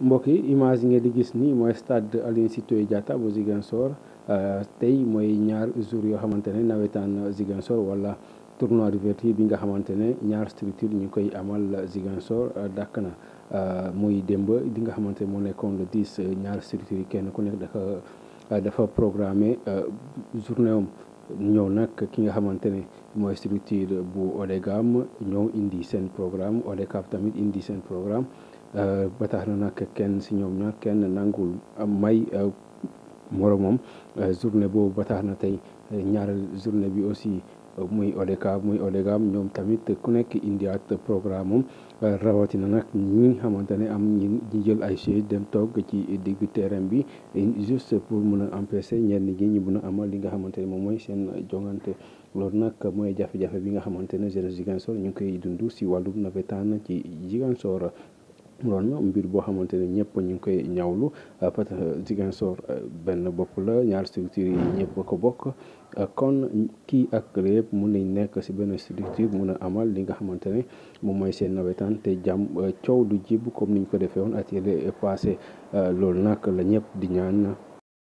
mbokk yi image yi ngeen di gis ni mooy stade Aline Sitoé Diatta bu Ziguinchor euh, tey mooy ñaar jour yoo xamante ne nawetaan Ziguinchor wala tournoi d'ouverture bi nga xamante ne ñaar structure ñu koy amal Ziguinchor euh, dàkk na euh, muy démb di nga xamante ne moo nekkoon le 10 ñaar structure yi kenn ku nekk dafa dafa programmé journée ñëw nag ki nga xamante ne mooy structure bu ODECAM ñëw indi seen programme ODECAM tamit indi seen programme Euh, ba tax na nag kenn si ñoom ñaar kenn nangul may euh, moromam euh, journée boobu ba na tey ñaareel journée bi aussi muy ODCAV muy ODCAV ñoom tamit ku nekk indiaat programme am rawatina nag ñi xamante ne am ñi jël ay chaise dem toog ci diggu terrain bi juste pour mun a empêcher ñenn ñi ñu mun a amal li nga xamante ne moom mooy seen jongante loolu nag mooy jafe-jafe bi nga xamante ne jeunesse Ziguinchor ñu ngi koy dund si wàllum navétane ci Ziguinchor mu doon mbir boo xamante ne ñëpp ñu ngi koy ñawlu euh, parce que euh, Ziguinchor euh, benn bopp la ñaar structure yi ñëpp ko bokk kon kii ak lépp mun nañ nekk si benn structure mun a amal li nga xamante ne moom mooy seen nawetaan te jàmm coow du jib comme ni ñu ko defee woon at yële passé loolu nag la ñëpp di ñaan. na